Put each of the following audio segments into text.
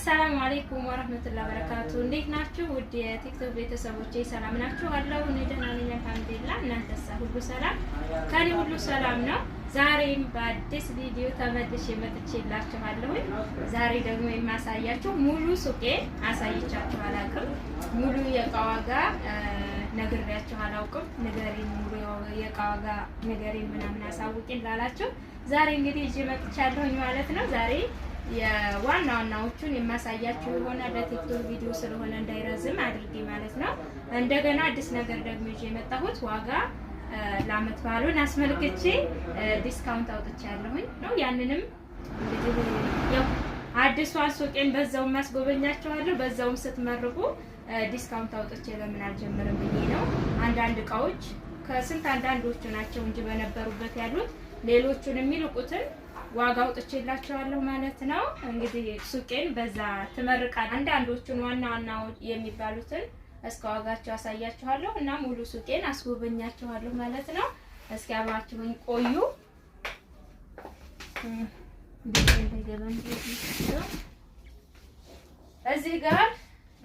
አሰላሙ አሌይኩም ወረህመቱላሂ በረካቱ እንዴት ናችሁ? ውድ የቲክቶክ ቤተሰቦቼ ሰላም ናችሁ? አለሁ እኔ ደህና ነኝ፣ አልሐምዱሊላህ። እናንተሳ ሁሉ ሰላም? ከኔ ሁሉ ሰላም ነው። ዛሬም በአዲስ ቪዲዮ ተመልሼ መጥቼላችኋለሁ። ዛሬ ደግሞ የማሳያችሁ ሙሉ ሱቄ አሳይቻችሁ አላውቅም። ሙሉ የእቃ ዋጋ ነግሬያችሁ አላውቅም። ንገሪን ሙሉ የእቃ ዋጋ ንገሪን ምናምን አሳውቂን ላላችሁ ዛሬ እንግዲህ እጅ መጥቻለሁኝ ማለት ነው ዛሬ የዋና ዋናዎቹን የማሳያችሁ የሆነ ለቲክቶክ ቪዲዮ ስለሆነ እንዳይረዝም አድርጌ ማለት ነው። እንደገና አዲስ ነገር ደግሞ ይዤ የመጣሁት ዋጋ ለአመት በዓሉን አስመልክቼ ዲስካውንት አውጥቼ ያለሁኝ ነው። ያንንም ያው አዲሷን ሱቄን በዛውም ማስጎበኛቸዋለሁ። በዛውም ስትመርቁ ዲስካውንት አውጥቼ ለምን አልጀምርም ብዬ ነው። አንዳንድ እቃዎች ከስንት አንዳንዶቹ ናቸው እንጂ በነበሩበት ያሉት ሌሎቹን የሚልቁትን ዋጋ አውጥቼላቸዋለሁ ማለት ነው። እንግዲህ ሱቄን በዛ ትመርቃል። አንዳንዶቹን ዋና ዋና የሚባሉትን እስከ ዋጋቸው አሳያችኋለሁ እና ሙሉ ሱቄን አስጎበኛችኋለሁ ማለት ነው። እስኪ አብራችሁን ቆዩ። እዚህ ጋር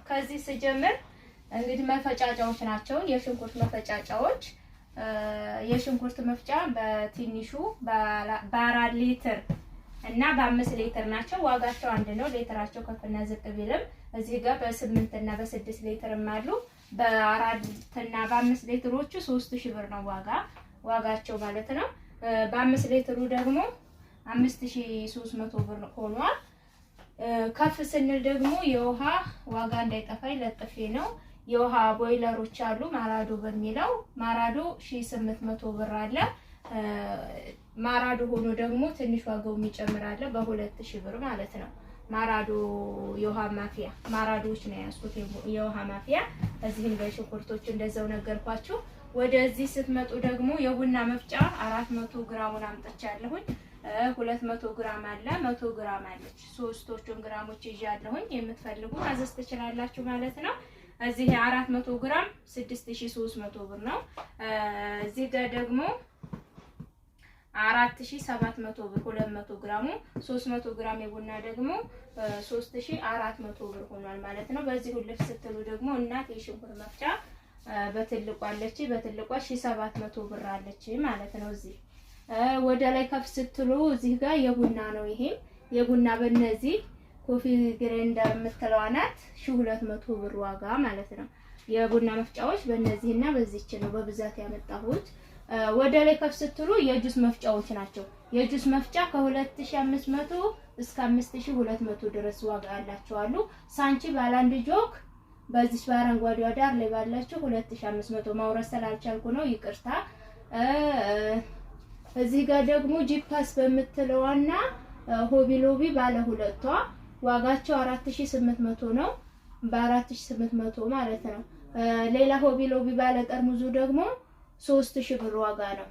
ከዚህ ስጀምር እንግዲህ መፈጫጫዎች ናቸው የሽንኩርት መፈጫጫዎች የሽንኩርት መፍጫ በትንሹ በአራት ሊትር እና በአምስት ሊትር ናቸው። ዋጋቸው አንድ ነው። ሊትራቸው ከፍና ዝቅ ቢልም እዚህ ጋር በስምንት እና በስድስት ሊትርም አሉ። በአራት እና በአምስት ሊትሮቹ ሶስት ሺህ ብር ነው ዋጋ ዋጋቸው ማለት ነው። በአምስት ሊትሩ ደግሞ አምስት ሺህ ሶስት መቶ ብር ሆኗል። ከፍ ስንል ደግሞ የውሃ ዋጋ እንዳይጠፋኝ ለጥፌ ነው የውሃ ቦይለሮች አሉ። ማራዶ በሚለው ማራዶ 1800 ብር አለ። ማራዶ ሆኖ ደግሞ ትንሽ ዋጋው የሚጨምራለ በ2000 ብር ማለት ነው። ማራዶ የውሃ ማፊያ ማራዶዎች ነው ያስኩት፣ የውሃ ማፊያ እዚህም በሽኩርቶች እንደዛው ነገርኳችሁ። ወደዚህ ስትመጡ ደግሞ የቡና መፍጫ 400 ግራሙን አምጥቻለሁኝ። 200 ግራም አለ፣ 100 ግራም አለች። ሶስቶቹን ግራሞች ይዣለሁኝ። የምትፈልጉ ማዘዝ ትችላላችሁ ማለት ነው። እዚህ አራት መቶ ግራም 6300 ብር ነው። እዚህ ጋር ደግሞ 4700 ብር 200 ግራሙ 300 ግራም የቡና ደግሞ 3400 ብር ሆኗል ማለት ነው። በዚህ ሁሉ ስትሉ ደግሞ እናት የሽንኩርት መፍጫ በትልቋ አለች። በትልቋ 700 ብር አለች ማለት ነው። እዚህ ወደ ላይ ከፍ ስትሉ እዚህ ጋር የቡና ነው። ይሄም የቡና በነዚህ ኮፊ ግሬንደር የምትለዋ ናት። ሺህ ሁለት መቶ ብር ዋጋ ማለት ነው። የቡና መፍጫዎች በእነዚህና በዚች ነው በብዛት ያመጣሁት። ወደ ላይ ከፍ ስትሉ የጁስ መፍጫዎች ናቸው። የጁስ መፍጫ ከ2500 እስከ 5200 ድረስ ዋጋ ያላቸው አሉ። ሳንቺ ባለ አንድ ጆክ በዚች በአረንጓዴዋ ዳር ላይ ባላችሁ 2500 ማውረድ ስላልቻልኩ ነው ይቅርታ። እዚህ ጋር ደግሞ ጂፓስ በምትለዋና ሆቢ ሎቢ ባለ ሁለቷ ዋጋቸው 4800 ነው። በ4800 ማለት ነው። ሌላ ሆቢ ሎቢ ባለ ጠርሙዙ ደግሞ 3000 ብር ዋጋ ነው።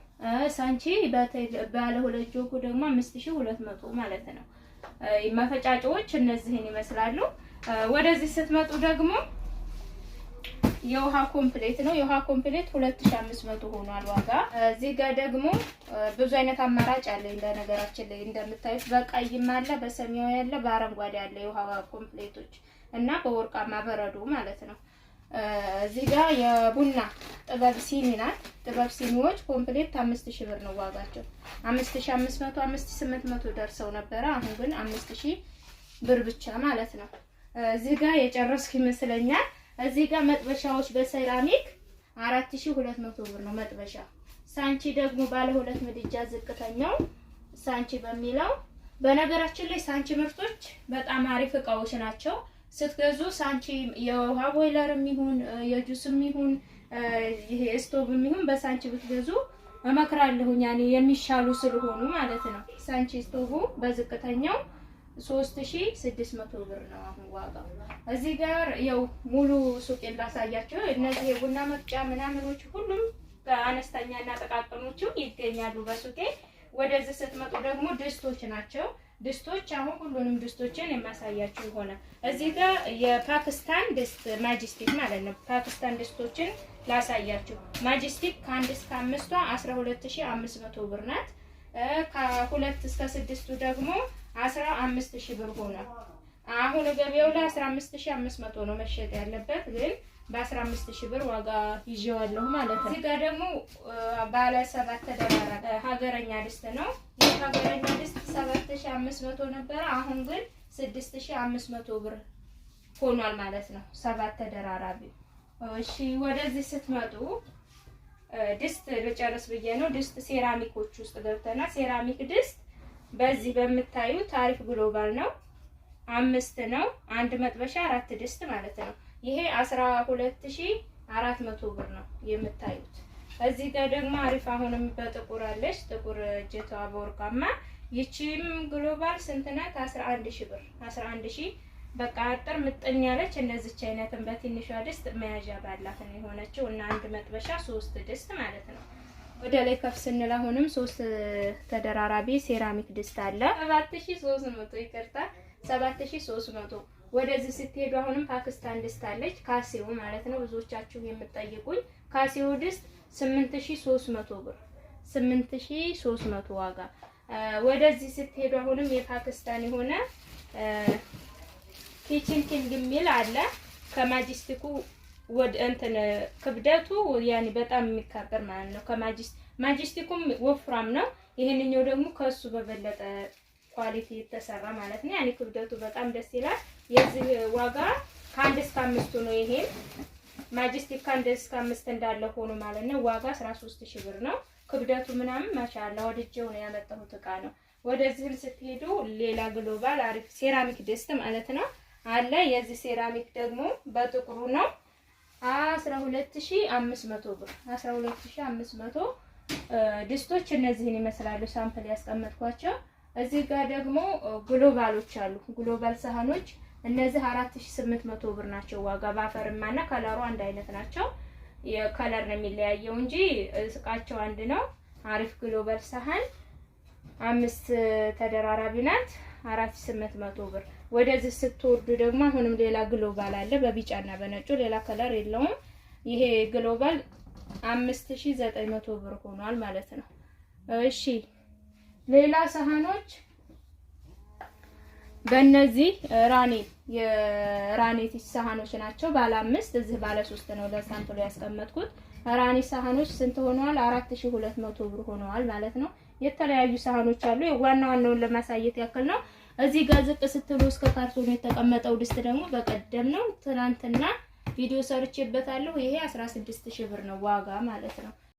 ሳንቺ ባለ ሁለት ጆኩ ደግሞ 5200 ማለት ነው። መፈጫጫዎች እነዚህን ይመስላሉ። ወደዚህ ስትመጡ ደግሞ የውሃ ኮምፕሌት ነው። የውሃ ኮምፕሌት 2500 ሆኗል ዋጋ። እዚህ ጋር ደግሞ ብዙ አይነት አማራጭ አለ። እንደነገራችን ላይ እንደምታዩት በቀይም አለ፣ በሰማያዊ አለ በአረንጓዴ አለ የውሃ ኮምፕሌቶች እና በወርቃማ በረዶ ማለት ነው። እዚህ ጋር የቡና ጥበብ ሲኒ ናት። ጥበብ ሲኒዎች ኮምፕሌት 5000 ብር ነው ዋጋቸው። 5500፣ 5800 ደርሰው ነበረ። አሁን ግን 5000 ብር ብቻ ማለት ነው። እዚህ ጋር የጨረስኩ ይመስለኛል። እዚህ ጋር መጥበሻዎች በሴራሚክ 4200 ብር ነው መጥበሻ። ሳንቺ ደግሞ ባለ ሁለት ምድጃ ዝቅተኛው ሳንቺ በሚለው በነገራችን ላይ ሳንቺ ምርቶች በጣም አሪፍ እቃዎች ናቸው። ስትገዙ ሳንቺ የውሃ ቦይለር የሚሆን የጁስ የሚሆን ይሄ ስቶቭ የሚሆን በሳንቺ ብትገዙ እመክራለሁ። ያኔ የሚሻሉ ስለሆኑ ማለት ነው። ሳንቺ ስቶቭ በዝቅተኛው ሶስት ሺ ስድስት መቶ ብር ነው አሁን ዋጋው። እዚህ ጋር ያው ሙሉ ሱቅ ላሳያቸው። እነዚህ የቡና መፍጫ ምናምኖች ሁሉም እና ጠቃቀኖቹ ይገኛሉ በሱቄ። ወደዚህ ስትመጡ ደግሞ ድስቶች ናቸው። ድስቶች አሁን ሁሉንም ድስቶችን የሚያሳያችሁ ሆነ። እዚህ ጋር የፓኪስታን ድስት ማጅስቲክ ማለት ነው። ፓኪስታን ድስቶችን ላሳያችሁ። ማጅስቲክ ከአንድ እስከ አምስቷ አስራ ሁለት ሺ አምስት መቶ ብር ናት። ከሁለት እስከ ስድስቱ ደግሞ አስራ አምስት ሺህ ብር ሆነ። አሁን ገበያው ላይ 15500 ነው መሸጥ ያለበት፣ ግን በ15000 ብር ዋጋ ይዤዋለሁ ማለት ነው። እዚህ ጋር ደግሞ ባለ ሰባት ሀገረኛ ድስት ነው። ይህ ሀገረኛ ድስት 7500 ነበረ፣ አሁን ግን 6500 ብር ሆኗል ማለት ነው። ሰባት ተደራራቢ። እሺ ወደዚህ ስትመጡ ድስት ልጨርስ ብዬ ነው። ድስት ሴራሚኮች ውስጥ ገብተናል። ሴራሚክ ድስት በዚህ በምታዩት አሪፍ ግሎባል ነው። አምስት ነው አንድ መጥበሻ አራት ድስት ማለት ነው። ይሄ 12400 ብር ነው የምታዩት። እዚህ ጋር ደግሞ አሪፍ አሁንም በጥቁር አለች። ጥቁር እጀታዋ በወርቃማ ይቺም ግሎባል ስንት ናት? 11000 ብር 11000 በቃ አጥር ምጥን ያለች እነዚች አይነትን በትንሿ ድስት መያዣ ባላት ነው የሆነችው እና አንድ መጥበሻ ሶስት ድስት ማለት ነው። ወደ ላይ ከፍ ስንል አሁንም ሶስት ተደራራቢ ሴራሚክ ድስት አለ። 7300 ይቅርታ፣ 7300 ወደዚህ ስትሄዱ አሁንም ፓኪስታን ድስት አለች፣ ካሲው ማለት ነው። ብዙዎቻችሁ የምትጠይቁኝ ካሲው ድስት 8300 ብር፣ 8300 ዋጋ። ወደዚህ ስትሄዱ አሁንም የፓኪስታን የሆነ ኪችን ኪንግ የሚል አለ ከማጅስቲኩ ወደ እንትን ክብደቱ ያኔ በጣም የሚካበር ማለት ነው። ከማጅስት ማጅስቲኩም ወፍራም ነው። ይሄንኛው ደግሞ ከሱ በበለጠ ኳሊቲ የተሰራ ማለት ነው። ያኔ ክብደቱ በጣም ደስ ይላል። የዚህ ዋጋ ከአንድ እስከ አምስቱ ነው። ይሄን ማጅስቲክ ከአንድ እስከ አምስት እንዳለ ሆኖ ማለት ነው። ዋጋ ሶስት ሺህ ብር ነው። ክብደቱ ምናምን ማሻላ ወድጄው ነው ያመጣሁት እቃ ነው። ወደዚህም ስትሄዱ ሌላ ግሎባል አሪፍ ሴራሚክ ድስት ማለት ነው አለ። የዚህ ሴራሚክ ደግሞ በጥቁሩ ነው 12500 ብር 12500 ድስቶች እነዚህን ይመስላሉ። ሳምፕል ያስቀመጥኳቸው። እዚህ ጋር ደግሞ ግሎባሎች አሉ። ግሎባል ሳህኖች እነዚህ 4800 ብር ናቸው ዋጋ። ባፈርማ እና ከለሩ አንድ አይነት ናቸው። የከለር ነው የሚለያየው እንጂ እቃቸው አንድ ነው። አሪፍ ግሎባል ሳህን አምስት ተደራራቢ ናት። አራት ስምንት መቶ ብር። ወደዚህ ስትወርዱ ደግሞ አሁንም ሌላ ግሎባል አለ በቢጫና በነጩ ሌላ ከለር የለውም። ይሄ ግሎባል አምስት ሺ ዘጠኝ መቶ ብር ሆኗል ማለት ነው። እሺ ሌላ ሳህኖች በእነዚህ ራኔ የራኔቲች ሳህኖች ናቸው። ባለ አምስት እዚህ ባለ ሶስት ነው ላይ ያስቀመጥኩት። ራኒ ሳህኖች ስንት ሆነዋል? 4200 ብር ሆነዋል ማለት ነው። የተለያዩ ሳህኖች አሉ። ዋና ዋናውን ለማሳየት ያክል ነው። እዚህ ጋር ዝቅ ስትሉ እስከ ካርቶን የተቀመጠው ድስት ደግሞ በቀደም ነው ትናንትና ቪዲዮ ሰርቼበታለሁ። ይሄ 16000 ብር ነው ዋጋ ማለት ነው።